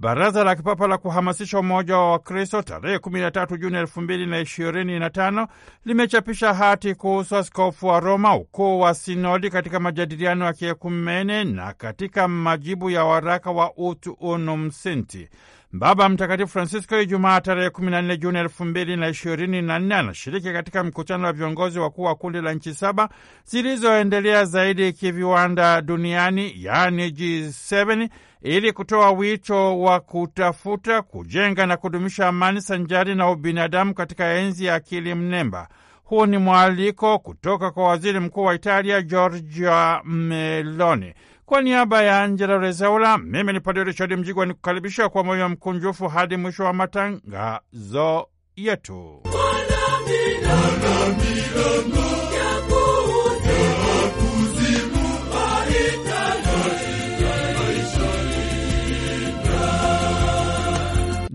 Baraza la Kipapa la Kuhamasisha Umoja wa Wakristo tarehe 13 Juni 2025 limechapisha hati kuhusu askofu wa Roma, ukuu wa sinodi katika majadiliano ya kiekumene na katika majibu ya waraka wa Utu Unum Sinti. Baba Mtakatifu Francisco Ijumaa tarehe 14 Juni 2024 anashiriki katika mkutano wa viongozi wakuu wa kundi la nchi saba zilizoendelea zaidi kiviwanda duniani, yaani G7, ili kutoa wito wa kutafuta, kujenga na kudumisha amani sanjari na ubinadamu katika enzi ya akili mnemba. Huu ni mwaliko kutoka kwa waziri mkuu wa Italia Giorgia Meloni. Kwa niaba ya Angela Rezaula, mimi ni Padre Richard Mjigwa kukalibisha kwa moyo mkunjufu hadi mwisho wa matangazo yetu.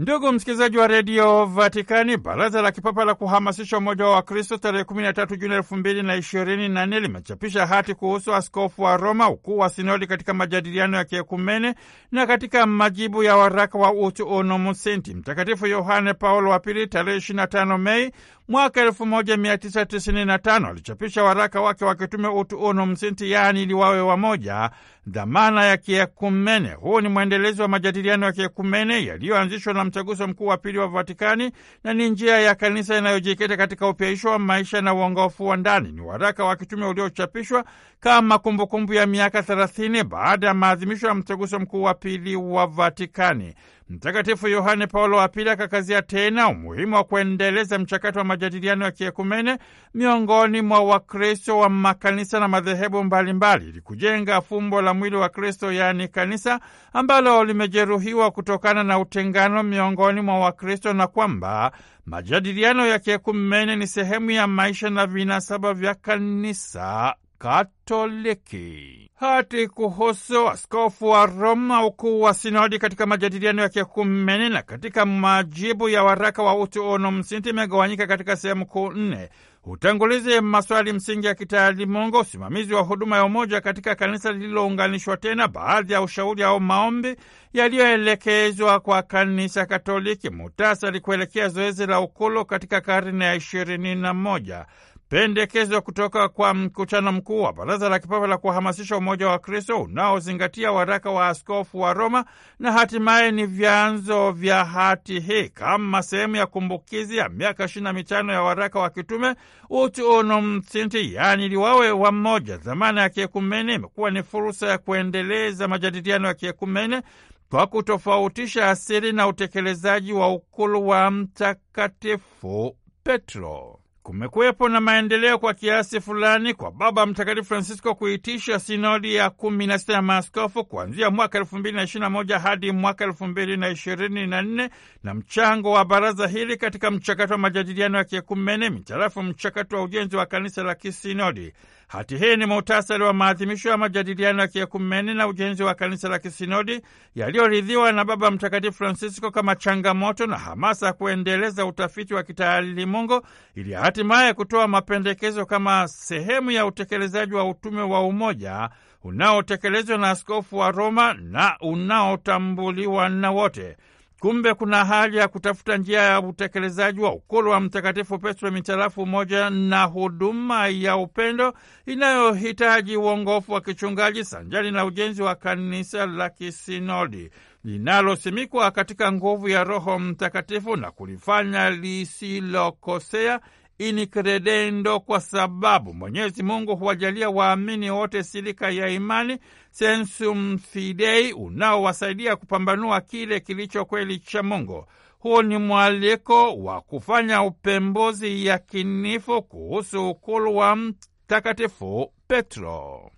Ndugu msikilizaji wa redio Vatikani, baraza la kipapa la kuhamasisha umoja wa Wakristo tarehe 13 Juni 2024 limechapisha hati kuhusu askofu wa Roma, ukuu wa sinodi katika majadiliano ya kiekumene na katika majibu ya waraka wa Utu Unum Senti. Mtakatifu Yohane Paulo wa Pili tarehe 25 Mei mwaka 1995 alichapisha waraka wake wa kitume Utu Unum Senti, yaani iliwawe wamoja dhamana ya kiekumene. Huu ni mwendelezo wa majadiliano ya kiekumene yaliyoanzishwa na mtaguso mkuu wa pili wa Vatikani na ni njia ya kanisa inayojikita katika upyaisho wa maisha na uongofu wa ndani. Ni waraka wa kitume uliochapishwa kama kumbukumbu kumbu ya miaka 30 baada ya maadhimisho ya mtaguso mkuu wa pili wa Vatikani. Mtakatifu Yohane Paulo wa Pili akakazia tena umuhimu wa kuendeleza mchakato wa majadiliano ya kiekumene miongoni mwa Wakristo wa makanisa na madhehebu mbalimbali ili kujenga fumbo la mwili wa Kristo, yaani kanisa, ambalo limejeruhiwa kutokana na utengano miongoni mwa Wakristo na kwamba majadiliano ya kiekumene ni sehemu ya maisha na vinasaba vya kanisa Katoliki hati kuhusu askofu wa Roma, ukuu wa sinodi katika majadiliano ya kiekumene na katika majibu ya waraka wa Utu Unum Sint imegawanyika katika sehemu kuu nne: utangulizi, maswali msingi ya kitaalimungu, usimamizi wa huduma ya umoja katika kanisa lililounganishwa tena, baadhi ya ushauri au maombi yaliyoelekezwa kwa kanisa Katoliki, muhtasari kuelekea zoezi la ukulu katika karne ya ishirini na moja pendekezo kutoka kwa mkutano mkuu wa Baraza la Kipapa la kuhamasisha umoja wa Kristo unaozingatia waraka wa askofu wa Roma na hatimaye ni vyanzo vya hati hii kama sehemu ya kumbukizi ya miaka ishirini na mitano ya waraka wa kitume Utu Unum Sint, yaani liwawe wa mmoja. Dhamana ya kiekumene imekuwa ni fursa ya kuendeleza majadiliano ya kiekumene kwa kutofautisha asili na utekelezaji wa ukulu wa Mtakatifu Petro kumekuwepo na maendeleo kwa kiasi fulani kwa Baba Mtakatifu Francisco kuitisha sinodi ya kumi na sita ya maaskofu kuanzia mwaka elfu mbili na ishirini na moja hadi mwaka elfu mbili na ishirini na nne na mchango wa baraza hili katika mchakato wa majadiliano ya kiekumene mitarafu mchakato wa ujenzi wa kanisa la kisinodi. Hati hii ni muhtasari wa maadhimisho ya majadiliano ya kiekumeni na ujenzi wa kanisa la kisinodi yaliyoridhiwa na Baba Mtakatifu Francisco kama changamoto na hamasa ya kuendeleza utafiti wa kitaalimungu ili hatimaye kutoa mapendekezo kama sehemu ya utekelezaji wa utume wa umoja unaotekelezwa na askofu wa Roma na unaotambuliwa na wote. Kumbe kuna hali ya kutafuta njia ya utekelezaji wa ukulu wa Mtakatifu Petro mitarafu moja na huduma ya upendo inayohitaji uongofu wa kichungaji sanjari na ujenzi wa kanisa la kisinodi linalosimikwa katika nguvu ya Roho Mtakatifu na kulifanya lisilokosea ini credendo, kwa sababu Mwenyezi Mungu huwajalia waamini wote silika ya imani sensum fidei, unaowasaidia kupambanua kile kilicho kweli cha Mungu. Huu ni mwaliko wa kufanya upembuzi yakinifu kuhusu ukulu wa Mtakatifu Petro.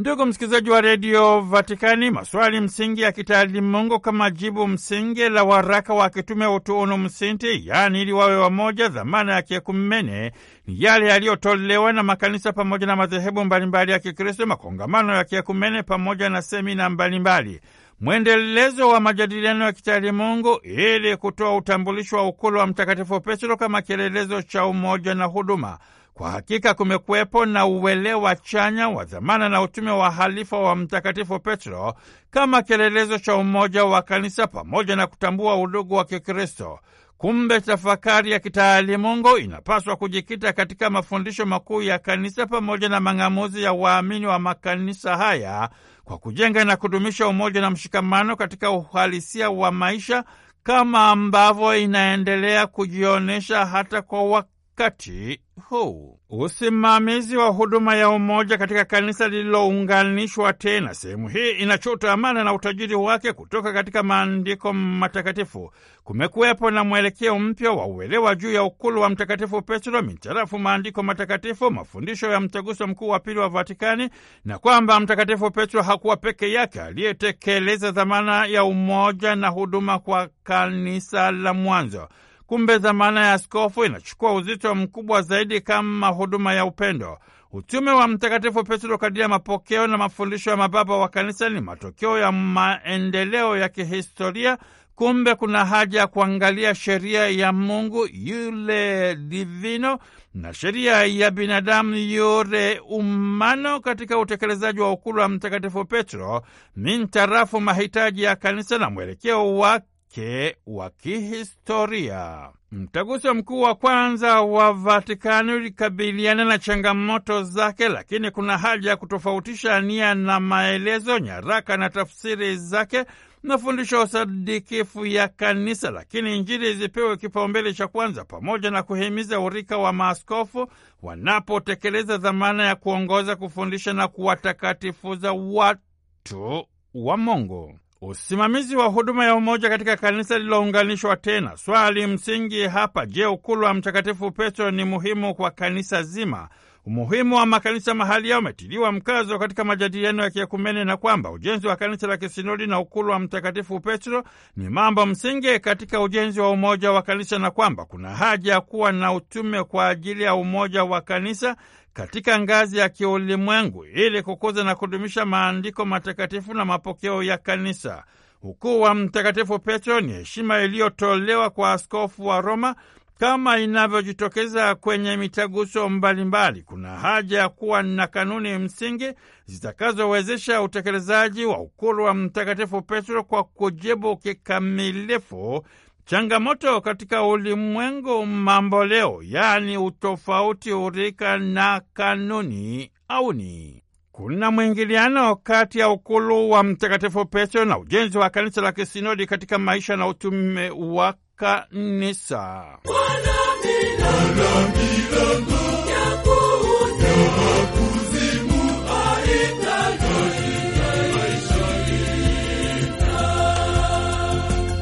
Ndugu msikilizaji wa redio Vatikani, maswali msingi ya kitaalimungu kama jibu msingi la waraka wa kitume Utuunu Msinti, yaani ili wawe wamoja, dhamana ya kiekumene ni yale yaliyotolewa na makanisa pamoja na madhehebu mbalimbali ya Kikristo, makongamano ya kiekumene pamoja na semina mbalimbali, mwendelezo wa majadiliano ya kitaalimungu ili kutoa utambulisho wa ukulu wa Mtakatifu Petro kama kielelezo cha umoja na huduma kwa hakika kumekuwepo na wa chanya wa dhamana na utume wa halifa wa Mtakatifu Petro kama kielelezo cha umoja wa kanisa pamoja na kutambua udugu wa Kikristo. Kumbe tafakari ya kitaalimungu inapaswa kujikita katika mafundisho makuu ya kanisa pamoja na mang'amuzi ya waamini wa makanisa haya kwa kujenga na kudumisha umoja na mshikamano katika uhalisia wa maisha kama ambavyo inaendelea kujionyesha hata kwa wakati wakati huu usimamizi wa huduma ya umoja katika kanisa lililounganishwa tena. Sehemu hii inachota amana na utajiri wake kutoka katika maandiko matakatifu. Kumekuwepo na mwelekeo mpya wa uelewa juu ya ukulu wa Mtakatifu Petro mitarafu maandiko matakatifu, mafundisho ya Mtaguso Mkuu wa Pili wa Vatikani, na kwamba Mtakatifu Petro hakuwa peke yake aliyetekeleza dhamana ya umoja na huduma kwa kanisa la mwanzo. Kumbe dhamana ya askofu inachukua uzito mkubwa zaidi kama huduma ya upendo. Utume wa Mtakatifu Petro kadiri ya mapokeo na mafundisho ya mababa wa Kanisa ni matokeo ya maendeleo ya kihistoria. Kumbe kuna haja ya kuangalia sheria ya Mungu yule divino na sheria ya binadamu yure umano katika utekelezaji wa ukulu wa Mtakatifu Petro mintarafu mahitaji ya kanisa na mwelekeo wake wake wa kihistoria. Mtaguso mkuu wa kwanza wa Vatikani ulikabiliana na changamoto zake, lakini kuna haja ya kutofautisha nia na maelezo, nyaraka na tafsiri zake nafundisha usadikifu ya kanisa, lakini Injili zipewe kipaumbele cha kwanza, pamoja na kuhimiza urika wa maaskofu wanapotekeleza dhamana ya kuongoza, kufundisha na kuwatakatifuza watu wa Mungu usimamizi wa huduma ya umoja katika kanisa lililounganishwa tena. Swali msingi hapa, je, ukulu wa Mtakatifu Petro ni muhimu kwa kanisa zima? Umuhimu wa makanisa mahali yao umetiliwa mkazo katika majadiliano ya kiekumene na kwamba ujenzi wa kanisa la kisinodi na ukulu wa Mtakatifu Petro ni mambo msingi katika ujenzi wa umoja wa kanisa na kwamba kuna haja ya kuwa na utume kwa ajili ya umoja wa kanisa katika ngazi ya kiulimwengu ili kukuza na kudumisha maandiko matakatifu na mapokeo ya kanisa. Ukuu wa Mtakatifu Petro ni heshima iliyotolewa kwa askofu wa Roma kama inavyojitokeza kwenye mitaguso mbalimbali. Kuna haja ya kuwa na kanuni msingi zitakazowezesha utekelezaji wa ukulu wa Mtakatifu Petro kwa kujibu kikamilifu changamoto katika ulimwengu mamboleo, yaani utofauti, urika na kanuni auni. Kuna mwingiliano kati ya ukulu wa Mtakatifu Petro na ujenzi wa kanisa la kisinodi katika maisha na utume wa kanisa Mwana,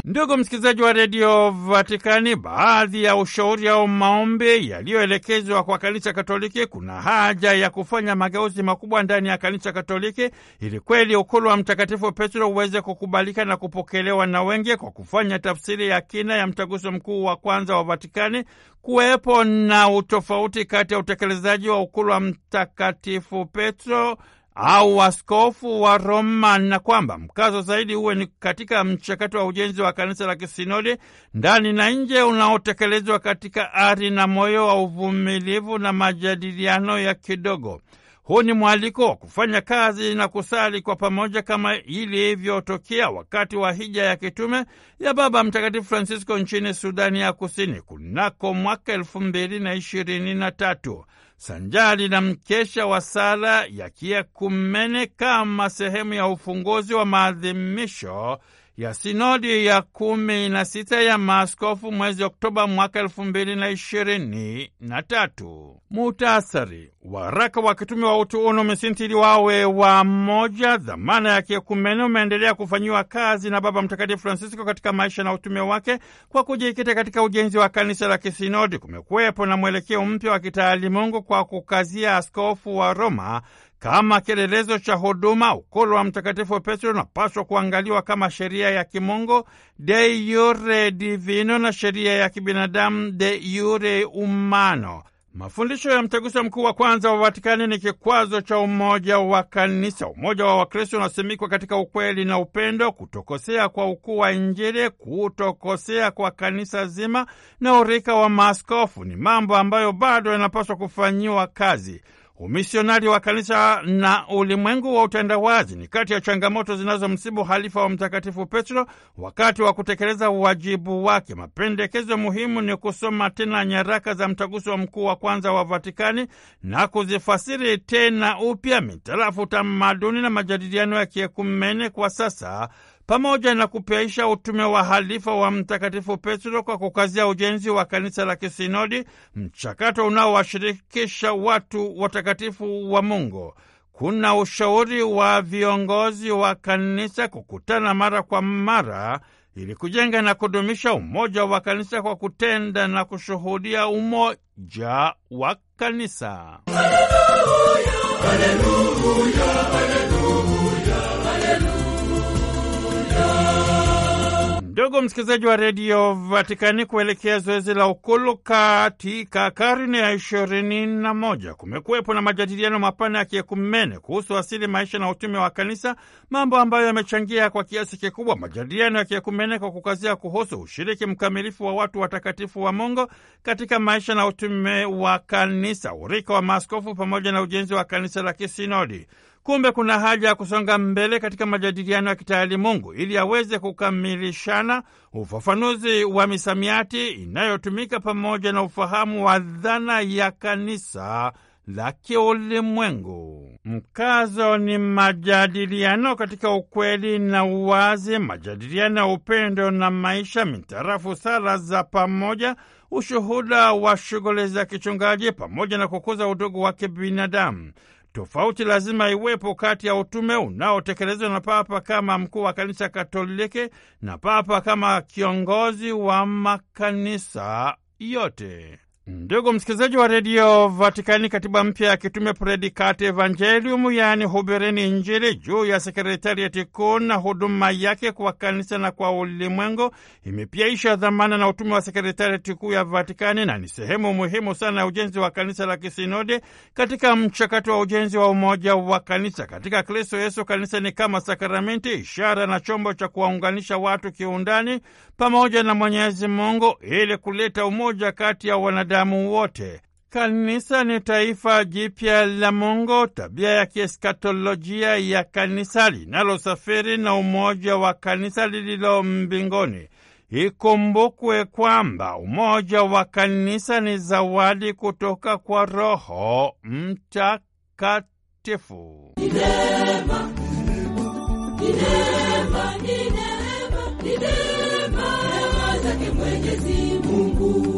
Ndugu msikilizaji wa redio Vatikani, baadhi ya ushauri au maombi yaliyoelekezwa kwa kanisa Katoliki. Kuna haja ya kufanya mageuzi makubwa ndani ya kanisa Katoliki ili kweli ukulu wa Mtakatifu Petro uweze kukubalika na kupokelewa na wengi, kwa kufanya tafsiri ya kina ya mtaguso mkuu wa kwanza wa Vatikani, kuwepo na utofauti kati ya utekelezaji wa ukulu wa Mtakatifu Petro au waskofu wa Roma na kwamba mkazo zaidi uwe ni katika mchakato wa ujenzi wa kanisa la kisinodi ndani na nje unaotekelezwa katika ari na moyo wa uvumilivu na majadiliano ya kidogo. Huu ni mwaliko wa kufanya kazi na kusali kwa pamoja kama ilivyotokea wakati wa hija ya kitume ya Baba Mtakatifu Francisco nchini Sudani ya Kusini kunako mwaka elfu mbili na ishirini na tatu sanjari na mkesha wa sala ya kiekumene kama sehemu ya ufunguzi wa maadhimisho ya sinodi ya kumi na sita ya maaskofu mwezi Oktoba mwaka elfu mbili na ishirini na tatu. Muhtasari waraka wa kitume wa Utuuno Misinti ili wawe moja. Dhamana ya kiekumene umeendelea kufanyiwa kazi na Baba Mtakatifu Francisco katika maisha na utume wake kwa kujikita katika ujenzi wa kanisa la kisinodi. Kumekuwepo na mwelekeo mpya wa kitaalimungu kwa kukazia askofu wa Roma kama kielelezo cha huduma. Ukulu wa Mtakatifu Petro unapaswa kuangaliwa kama sheria ya kimungu de jure divino na sheria ya kibinadamu de jure umano. Mafundisho ya mtaguso mkuu wa kwanza wa Vatikani ni kikwazo cha umoja wa kanisa. Umoja wa Wakristo unasimikwa katika ukweli na upendo, kutokosea kwa ukuu wa Injili, kutokosea kwa kanisa zima na urika wa maaskofu ni mambo ambayo bado yanapaswa kufanyiwa kazi. Umisionari wa kanisa na ulimwengu wa utandawazi ni kati ya changamoto zinazomsibu halifa wa Mtakatifu Petro wakati wa kutekeleza wajibu wake. Mapendekezo muhimu ni kusoma tena nyaraka za Mtaguso Mkuu wa Kwanza wa Vatikani na kuzifasiri tena upya mitarafu tamaduni na majadiliano ya kiekumene kwa sasa pamoja na kupeisha utume wa halifa wa Mtakatifu Petro kwa kukazia ujenzi wa kanisa la kisinodi, mchakato unaowashirikisha watu watakatifu wa Mungu. Kuna ushauri wa viongozi wa kanisa kukutana mara kwa mara ili kujenga na kudumisha umoja wa kanisa kwa kutenda na kushuhudia umoja wa kanisa. Haleluya, haleluya, haleluya. Ndugu msikilizaji wa redio Vatikani, kuelekea zoezi la ukulu katika karne ya ishirini na moja kumekuwepo na majadiliano mapana ya kiekumene kuhusu asili, maisha na utume wa Kanisa, mambo ambayo yamechangia kwa kiasi kikubwa majadiliano ya kiekumene kwa kukazia kuhusu ushiriki mkamilifu wa watu watakatifu wa Mungu katika maisha na utume wa Kanisa, urika wa maaskofu pamoja na ujenzi wa kanisa la kisinodi. Kumbe kuna haja ya kusonga mbele katika majadiliano ya kitaalimungu ili aweze kukamilishana ufafanuzi wa misamiati inayotumika pamoja na ufahamu wa dhana ya kanisa la kiulimwengu. Mkazo ni majadiliano katika ukweli na uwazi, majadiliano ya upendo na maisha, mitarafu sala za pamoja, ushuhuda wa shughuli za kichungaji, pamoja na kukuza udugu wa kibinadamu. Tofauti lazima iwepo kati ya utume unaotekelezwa na Papa kama mkuu wa kanisa Katoliki na Papa kama kiongozi wa makanisa yote. Ndugu msikilizaji wa redio Vatikani, katiba mpya ya kitume Predikati Evangelium, yaani hubirini Injili, juu ya sekretariati kuu na huduma yake kwa kanisa na kwa ulimwengu, imepiaisha dhamana na utume wa sekretariati kuu ya Vatikani na ni sehemu muhimu sana ya ujenzi wa kanisa la kisinode katika mchakato wa ujenzi wa umoja wa kanisa katika Kristo Yesu. Kanisa ni kama sakramenti, ishara na chombo cha kuwaunganisha watu kiundani pamoja na Mwenyezi Mungu ili kuleta umoja kati ya wanadamu wanadamu wote. Kanisa ni taifa jipya la Mungu, tabia ya kieskatolojia ya kanisa linalosafiri na umoja wa kanisa lililo mbingoni Ikumbukwe kwamba umoja wa kanisa ni zawadi kutoka kwa Roho Mtakatifu. Mwenyezi Mungu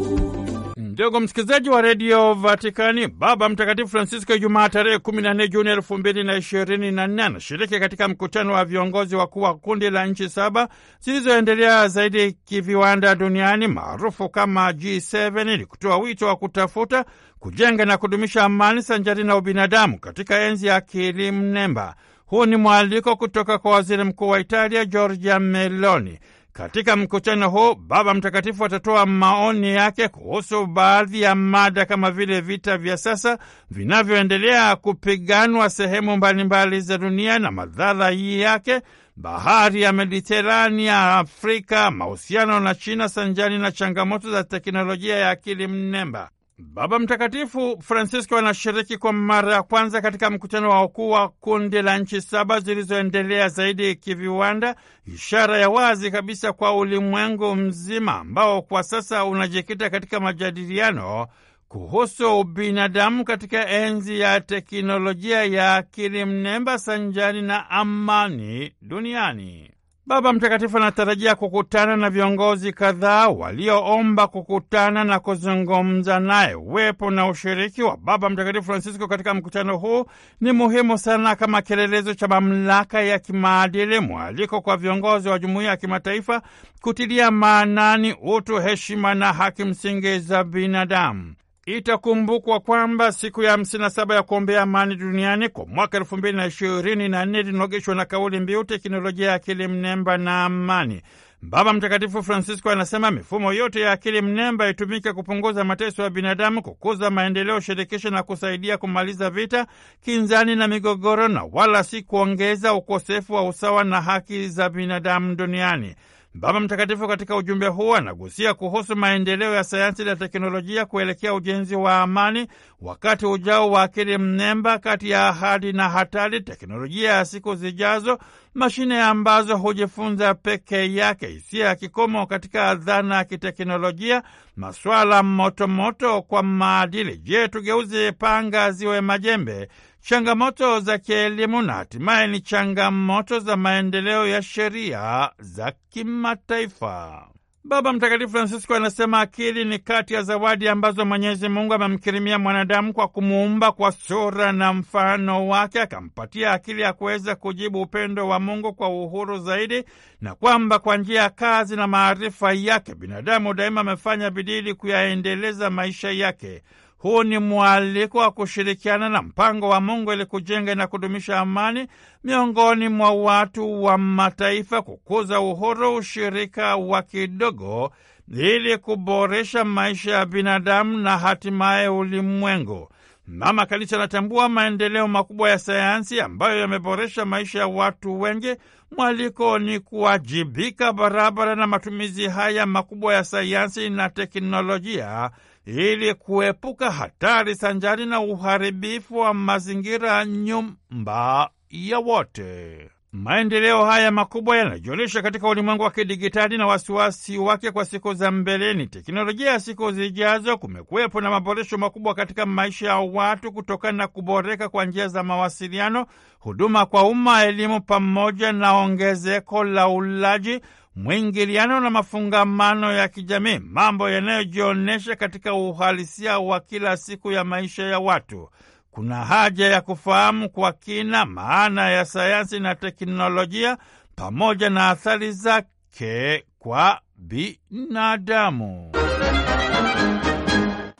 Ndugu msikilizaji wa redio Vatikani, Baba Mtakatifu Francisco Ijumaa tarehe 14 Juni elfu mbili na ishirini na nne anashiriki katika mkutano wa viongozi wakuu wa kundi la nchi saba zilizoendelea zaidi kiviwanda duniani maarufu kama G7 ili kutoa wito wa kutafuta kujenga na kudumisha amani sanjari na ubinadamu katika enzi ya kilimnemba Huu ni mwaliko kutoka kwa waziri mkuu wa Italia Giorgia Meloni. Katika mkutano huu Baba Mtakatifu atatoa maoni yake kuhusu baadhi ya mada kama vile vita vya sasa vinavyoendelea kupiganwa sehemu mbalimbali za dunia na madhara yake, bahari ya Mediterania, Afrika, mahusiano na China sanjani na changamoto za teknolojia ya akili mnemba. Baba Mtakatifu Francisco anashiriki kwa mara ya kwanza katika mkutano wa ukuu wa kundi la nchi saba zilizoendelea zaidi kiviwanda, ishara ya wazi kabisa kwa ulimwengu mzima ambao kwa sasa unajikita katika majadiliano kuhusu ubinadamu katika enzi ya teknolojia ya akili mnemba sanjani na amani duniani. Baba Mtakatifu anatarajia kukutana na viongozi kadhaa walioomba kukutana na kuzungumza naye. Uwepo na ushiriki wa Baba Mtakatifu Francisco katika mkutano huu ni muhimu sana kama kielelezo cha mamlaka ya kimaadili, mwaliko kwa viongozi wa jumuiya ya kimataifa kutilia maanani utu, heshima na haki msingi za binadamu. Itakumbukwa kwamba siku ya 57 ya kuombea amani duniani kwa mwaka elfu mbili na ishirini na nne na kauli mbiu teknolojia ya akili mnemba na amani. Baba Mtakatifu Francisco anasema mifumo yote ya akili mnemba itumike kupunguza mateso ya binadamu, kukuza maendeleo shirikisha na kusaidia kumaliza vita, kinzani na migogoro, na wala si kuongeza ukosefu wa usawa na haki za binadamu duniani. Baba Mtakatifu katika ujumbe huo anagusia kuhusu maendeleo ya sayansi na teknolojia kuelekea ujenzi wa amani, wakati ujao wa akili mnemba, kati ya ahadi na hatari, teknolojia ya siku zijazo, mashine ambazo hujifunza peke yake, hisia ya kikomo katika dhana ya kiteknolojia, maswala motomoto kwa maadili. Je, tugeuze panga ziwe majembe? changamoto za kielimu na hatimaye ni changamoto za maendeleo ya sheria za kimataifa. Baba Mtakatifu Francisco anasema akili ni kati ya zawadi ambazo Mwenyezi Mungu amemkirimia mwanadamu kwa kumuumba kwa sura na mfano wake, akampatia akili ya kuweza kujibu upendo wa Mungu kwa uhuru zaidi, na kwamba kwa njia ya kazi na maarifa yake binadamu daima amefanya bidii kuyaendeleza maisha yake. Huu ni mwaliko wa kushirikiana na mpango wa Mungu ili kujenga na kudumisha amani miongoni mwa watu wa mataifa, kukuza uhuru, ushirika wa kidogo ili kuboresha maisha ya binadamu na hatimaye ulimwengu. Mama Kanisa anatambua maendeleo makubwa ya sayansi ambayo yameboresha maisha ya watu wengi. Mwaliko ni kuwajibika barabara na matumizi haya makubwa ya sayansi na teknolojia ili kuepuka hatari sanjari na uharibifu wa mazingira, nyumba ya wote. Maendeleo haya makubwa yanajionyesha katika ulimwengu wa kidigitali na wasiwasi wake kwa siku za mbeleni. Teknolojia ya siku zijazo, kumekuwepo na maboresho makubwa katika maisha ya watu kutokana na kuboreka kwa njia za mawasiliano, huduma kwa umma, elimu, pamoja na ongezeko la ulaji mwingiliano na mafungamano ya kijamii, mambo yanayojionyesha katika uhalisia wa kila siku ya maisha ya watu. Kuna haja ya kufahamu kwa kina maana ya sayansi na teknolojia pamoja na athari zake kwa binadamu.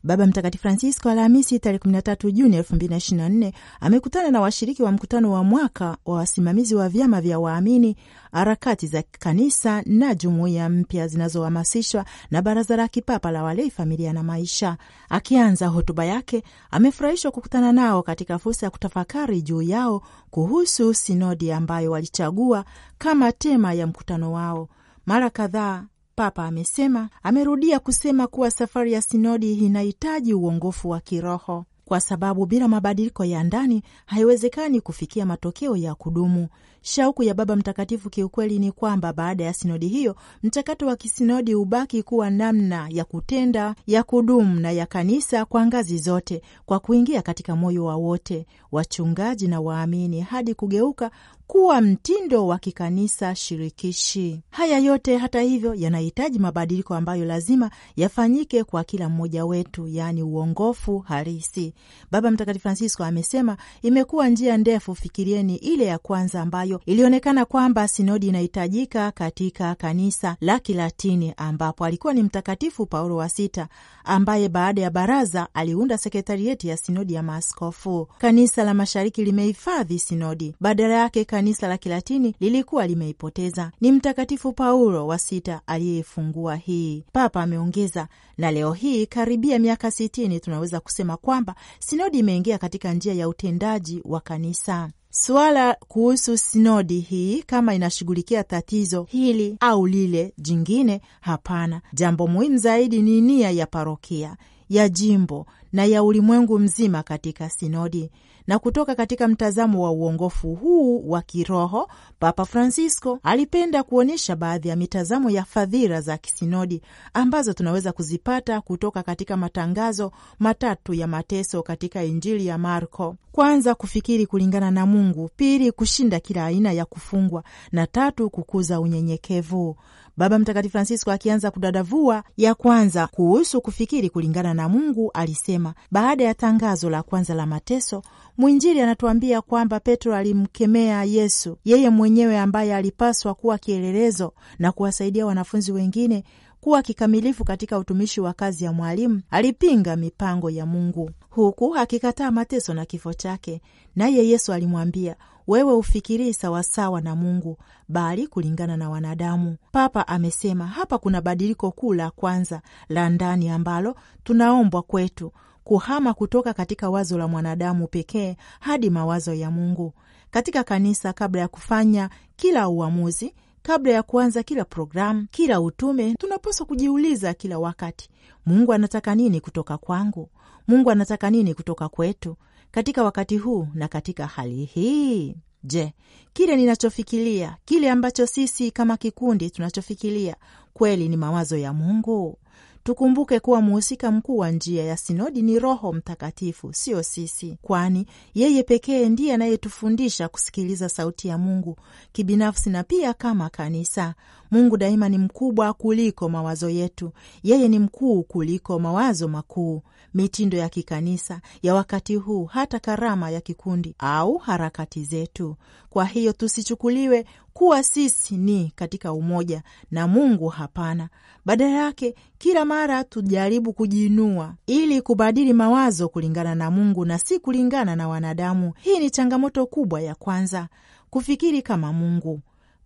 Baba Mtakatifu Francisco Alhamisi tarehe 13 Juni 2024 amekutana na washiriki wa mkutano wa mwaka wa wasimamizi wa vyama vya waamini, harakati za kanisa na jumuiya mpya zinazohamasishwa na Baraza la Kipapa la Walei, Familia na Maisha. Akianza hotuba yake, amefurahishwa kukutana nao katika fursa ya kutafakari juu yao kuhusu sinodi ambayo walichagua kama tema ya mkutano wao. Mara kadhaa Papa amesema amerudia kusema kuwa safari ya sinodi inahitaji uongofu wa kiroho kwa sababu bila mabadiliko ya ndani haiwezekani kufikia matokeo ya kudumu. Shauku ya Baba Mtakatifu kiukweli ni kwamba baada ya sinodi hiyo, mchakato wa kisinodi hubaki kuwa namna ya kutenda ya kudumu na ya kanisa kwa ngazi zote, kwa kuingia katika moyo wa wote, wachungaji na waamini, hadi kugeuka kuwa mtindo wa kikanisa shirikishi. Haya yote hata hivyo, yanahitaji mabadiliko ambayo lazima yafanyike kwa kila mmoja wetu, yaani uongofu halisi. Baba Mtakatifu Francisco amesema, imekuwa njia ndefu, fikirieni ile ya kwanza ambayo ilionekana kwamba sinodi inahitajika katika kanisa la Kilatini, ambapo alikuwa ni Mtakatifu Paulo wa Sita, ambaye baada ya baraza aliunda sekretarieti ya sinodi ya maaskofu. Kanisa la mashariki limehifadhi sinodi, badala yake kanisa la Kilatini lilikuwa limeipoteza. Ni Mtakatifu Paulo wa Sita aliyeifungua hii, Papa ameongeza. Na leo hii karibia miaka sitini, tunaweza kusema kwamba sinodi imeingia katika njia ya utendaji wa kanisa. Suala kuhusu sinodi hii kama inashughulikia tatizo hili au lile jingine, hapana. Jambo muhimu zaidi ni nia ya parokia, ya jimbo na ya ulimwengu mzima katika sinodi na kutoka katika mtazamo wa uongofu huu wa kiroho, Papa Francisco alipenda kuonyesha baadhi ya mitazamo ya fadhila za kisinodi ambazo tunaweza kuzipata kutoka katika matangazo matatu ya mateso katika Injili ya Marko: kwanza, kufikiri kulingana na Mungu; pili, kushinda kila aina ya kufungwa; na tatu, kukuza unyenyekevu. Baba Mtakatifu Francisco akianza kudadavua ya kwanza kuhusu kufikiri kulingana na Mungu alisema, baada ya tangazo la kwanza la mateso, mwinjili anatuambia kwamba Petro alimkemea Yesu, yeye mwenyewe ambaye alipaswa kuwa kielelezo na kuwasaidia wanafunzi wengine kuwa kikamilifu katika utumishi wa kazi ya mwalimu. Alipinga mipango ya Mungu huku akikataa mateso na kifo chake, naye Yesu alimwambia wewe ufikirii sawasawa na Mungu bali kulingana na wanadamu. Papa amesema hapa kuna badiliko kuu la kwanza la ndani ambalo tunaombwa kwetu kuhama kutoka katika wazo la mwanadamu pekee hadi mawazo ya Mungu katika kanisa. Kabla ya kufanya kila uamuzi, kabla ya kuanza kila programu, kila utume, tunapaswa kujiuliza kila wakati, Mungu anataka nini kutoka kwangu? Mungu anataka nini kutoka kwetu? katika wakati huu na katika hali hii? Je, kile ninachofikiria, kile ambacho sisi kama kikundi tunachofikiria kweli ni mawazo ya Mungu? Tukumbuke kuwa mhusika mkuu wa njia ya sinodi ni Roho Mtakatifu, sio sisi, kwani yeye pekee ndiye anayetufundisha kusikiliza sauti ya Mungu kibinafsi na pia kama kanisa, Mungu daima ni mkubwa kuliko mawazo yetu. Yeye ni mkuu kuliko mawazo makuu, mitindo ya kikanisa ya wakati huu, hata karama ya kikundi au harakati zetu. Kwa hiyo tusichukuliwe kuwa sisi ni katika umoja na Mungu. Hapana, badala yake kila mara tujaribu kujiinua ili kubadili mawazo kulingana na Mungu na si kulingana na wanadamu. Hii ni changamoto kubwa ya kwanza, kufikiri kama Mungu.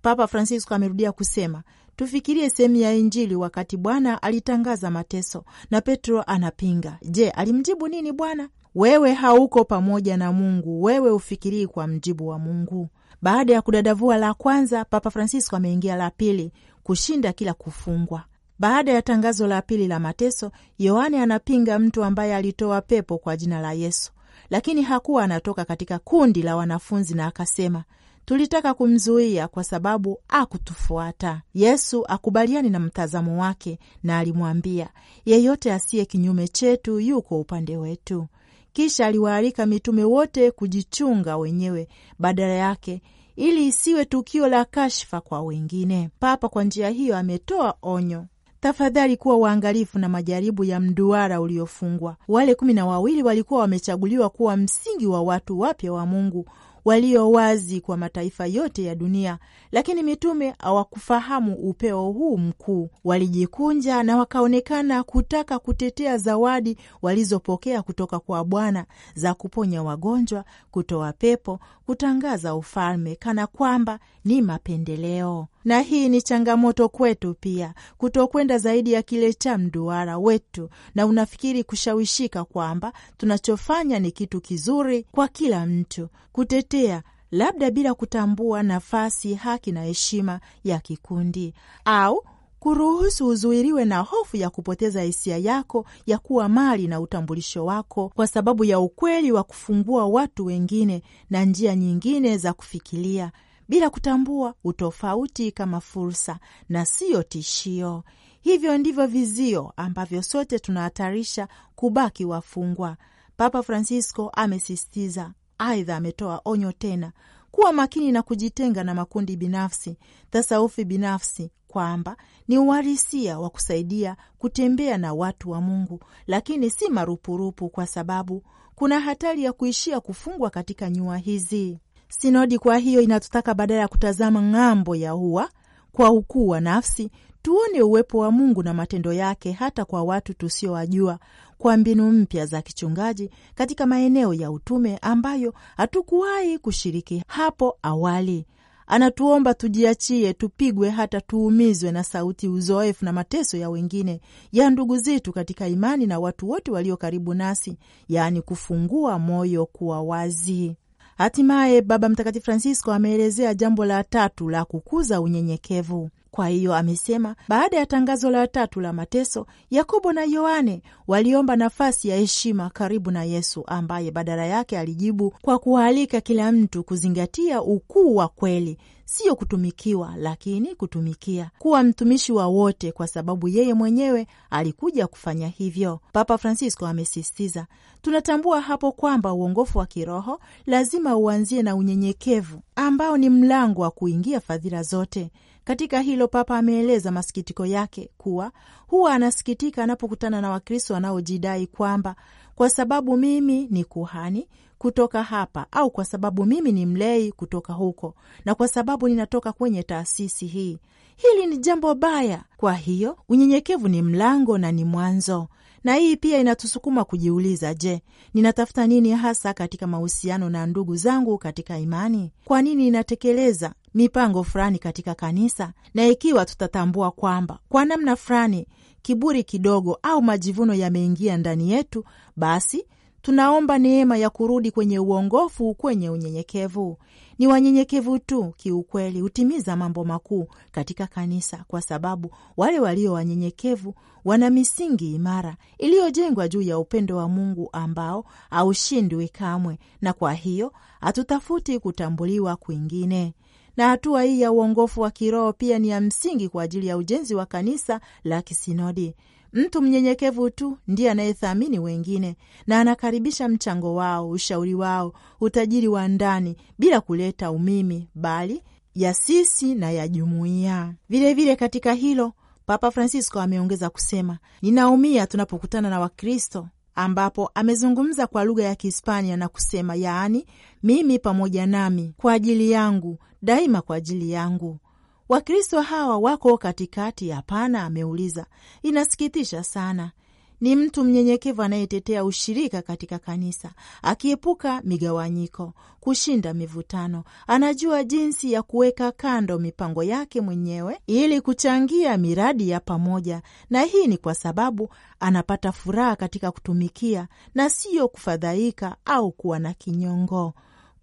Papa Francisco amerudia kusema tufikirie sehemu ya Injili wakati Bwana alitangaza mateso na Petro anapinga. Je, alimjibu nini Bwana? Wewe hauko pamoja na Mungu, wewe ufikirii kwa mjibu wa Mungu. Baada ya kudadavua la kwanza, Papa Francisco ameingia la pili, kushinda kila kufungwa. Baada ya tangazo la pili la mateso, Yohane anapinga mtu ambaye alitoa pepo kwa jina la Yesu, lakini hakuwa anatoka katika kundi la wanafunzi, na akasema tulitaka kumzuia kwa sababu akutufuata. Yesu akubaliani na mtazamo wake na alimwambia, yeyote asiye kinyume chetu yuko upande wetu. Kisha aliwaalika mitume wote kujichunga wenyewe badala yake ili isiwe tukio la kashfa kwa wengine. Papa kwa njia hiyo ametoa onyo: tafadhali kuwa waangalifu na majaribu ya mduara uliofungwa. Wale kumi na wawili walikuwa wamechaguliwa kuwa msingi wa watu wapya wa Mungu walio wazi kwa mataifa yote ya dunia, lakini mitume hawakufahamu upeo huu mkuu. Walijikunja na wakaonekana kutaka kutetea zawadi walizopokea kutoka kwa Bwana za kuponya wagonjwa, kutoa pepo, kutangaza ufalme kana kwamba ni mapendeleo. Na hii ni changamoto kwetu pia, kutokwenda zaidi ya kile cha mduara wetu, na unafikiri kushawishika kwamba tunachofanya ni kitu kizuri kwa kila mtu, kutetea labda bila kutambua nafasi, haki na heshima ya kikundi au kuruhusu uzuiriwe na hofu ya kupoteza hisia yako ya kuwa mali na utambulisho wako kwa sababu ya ukweli wa kufungua watu wengine na njia nyingine za kufikiria bila kutambua utofauti kama fursa na siyo tishio. Hivyo ndivyo vizio ambavyo sote tunahatarisha kubaki wafungwa. Papa Francisco amesisitiza. Aidha, ametoa onyo tena kuwa makini na kujitenga na makundi binafsi, tasaufi binafsi, kwamba ni uharisia wa kusaidia kutembea na watu wa Mungu, lakini si marupurupu, kwa sababu kuna hatari ya kuishia kufungwa katika nyua hizi. Sinodi kwa hiyo inatutaka badala ya kutazama ng'ambo ya ua kwa ukuu wa nafsi, tuone uwepo wa Mungu na matendo yake hata kwa watu tusiowajua, kwa mbinu mpya za kichungaji katika maeneo ya utume ambayo hatukuwahi kushiriki hapo awali. Anatuomba tujiachie, tupigwe hata tuumizwe na sauti, uzoefu na mateso ya wengine, ya ndugu zetu katika imani na watu wote walio karibu nasi, yaani kufungua moyo kuwa wazi. Hatimaye Baba Mtakatifu Francisco ameelezea jambo la tatu la kukuza unyenyekevu. Kwa hiyo amesema, baada ya tangazo la tatu la mateso, Yakobo na Yohane waliomba nafasi ya heshima karibu na Yesu, ambaye badala yake alijibu kwa kualika kila mtu kuzingatia ukuu wa kweli sio kutumikiwa, lakini kutumikia, kuwa mtumishi wa wote, kwa sababu yeye mwenyewe alikuja kufanya hivyo. Papa Francisco amesisitiza, tunatambua hapo kwamba uongofu wa kiroho lazima uanzie na unyenyekevu ambao ni mlango wa kuingia fadhila zote. Katika hilo Papa ameeleza masikitiko yake kuwa huwa anasikitika anapokutana na Wakristo wanaojidai kwamba kwa sababu mimi ni kuhani kutoka hapa au kwa sababu mimi ni mlei kutoka huko na kwa sababu ninatoka kwenye taasisi hii. Hili ni jambo baya. Kwa hiyo unyenyekevu ni mlango na ni mwanzo, na hii pia inatusukuma kujiuliza, je, ninatafuta nini hasa katika mahusiano na ndugu zangu katika imani? Kwa nini ninatekeleza mipango fulani katika kanisa? Na ikiwa tutatambua kwamba kwa namna fulani kiburi kidogo au majivuno yameingia ndani yetu, basi Tunaomba neema ya kurudi kwenye uongofu, kwenye unyenyekevu. Ni wanyenyekevu tu kiukweli hutimiza mambo makuu katika kanisa, kwa sababu wale walio wanyenyekevu wana misingi imara iliyojengwa juu ya upendo wa Mungu ambao haushindwi kamwe, na kwa hiyo hatutafuti kutambuliwa kwingine. Na hatua hii ya uongofu wa kiroho pia ni ya msingi kwa ajili ya ujenzi wa kanisa la kisinodi. Mtu mnyenyekevu tu ndiye anayethamini wengine na anakaribisha mchango wao, ushauri wao, utajiri wa ndani bila kuleta umimi, bali ya sisi na ya jumuiya. Vilevile katika hilo Papa Francisco ameongeza kusema, ninaumia tunapokutana na Wakristo ambapo amezungumza kwa lugha ya Kihispania na kusema, yaani mimi pamoja nami, kwa ajili yangu, daima kwa ajili yangu. Wakristo hawa wako katikati? Hapana, ameuliza. Inasikitisha sana ni mtu mnyenyekevu anayetetea ushirika katika kanisa, akiepuka migawanyiko, kushinda mivutano. Anajua jinsi ya kuweka kando mipango yake mwenyewe ili kuchangia miradi ya pamoja, na hii ni kwa sababu anapata furaha katika kutumikia na siyo kufadhaika au kuwa na kinyongo.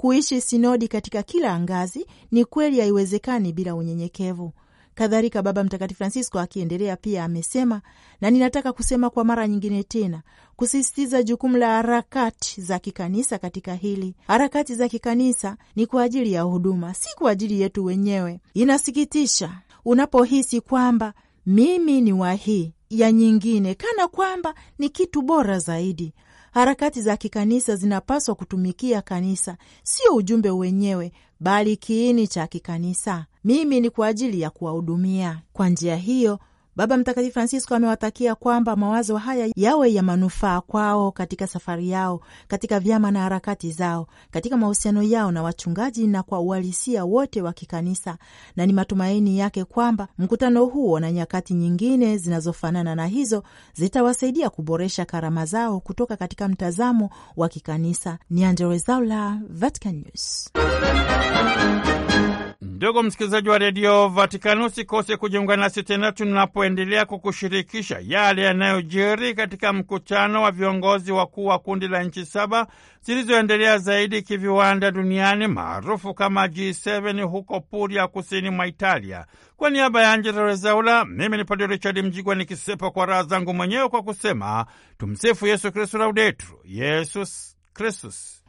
Kuishi sinodi katika kila ngazi ni kweli haiwezekani bila unyenyekevu. Kadhalika, Baba Mtakatifu Francisco akiendelea pia amesema, na ninataka kusema kwa mara nyingine tena, kusisitiza jukumu la harakati za kikanisa katika hili. Harakati za kikanisa ni kwa ajili ya huduma, si kwa ajili yetu wenyewe. Inasikitisha unapohisi kwamba mimi ni wa hii ya nyingine, kana kwamba ni kitu bora zaidi harakati za kikanisa zinapaswa kutumikia kanisa, sio ujumbe wenyewe, bali kiini cha kikanisa. Mimi ni kwa ajili ya kuwahudumia. Kwa njia hiyo Baba Mtakatifu Francisco amewatakia kwamba mawazo haya yawe ya manufaa kwao katika safari yao, katika vyama na harakati zao, katika mahusiano yao na wachungaji na kwa uhalisia wote wa kikanisa, na ni matumaini yake kwamba mkutano huo na nyakati nyingine zinazofanana na hizo zitawasaidia kuboresha karama zao kutoka katika mtazamo wa kikanisa. Ni Andrea Zola, Vatican News. Ndugu msikilizaji wa redio Vatikani, usikose kujiunga nasi tena tunapoendelea kukushirikisha yale yanayojiri katika mkutano wa viongozi wakuu wa kundi la nchi saba zilizoendelea zaidi kiviwanda duniani maarufu kama G7 huko Puglia, kusini mwa Italia. Kwa niaba ya Angela Rezaula, mimi ni Padre Richard Mjigwa nikisepa kwa raha zangu mwenyewe kwa kusema tumsifu Yesu Kristu, laudetur Yesus Kristus.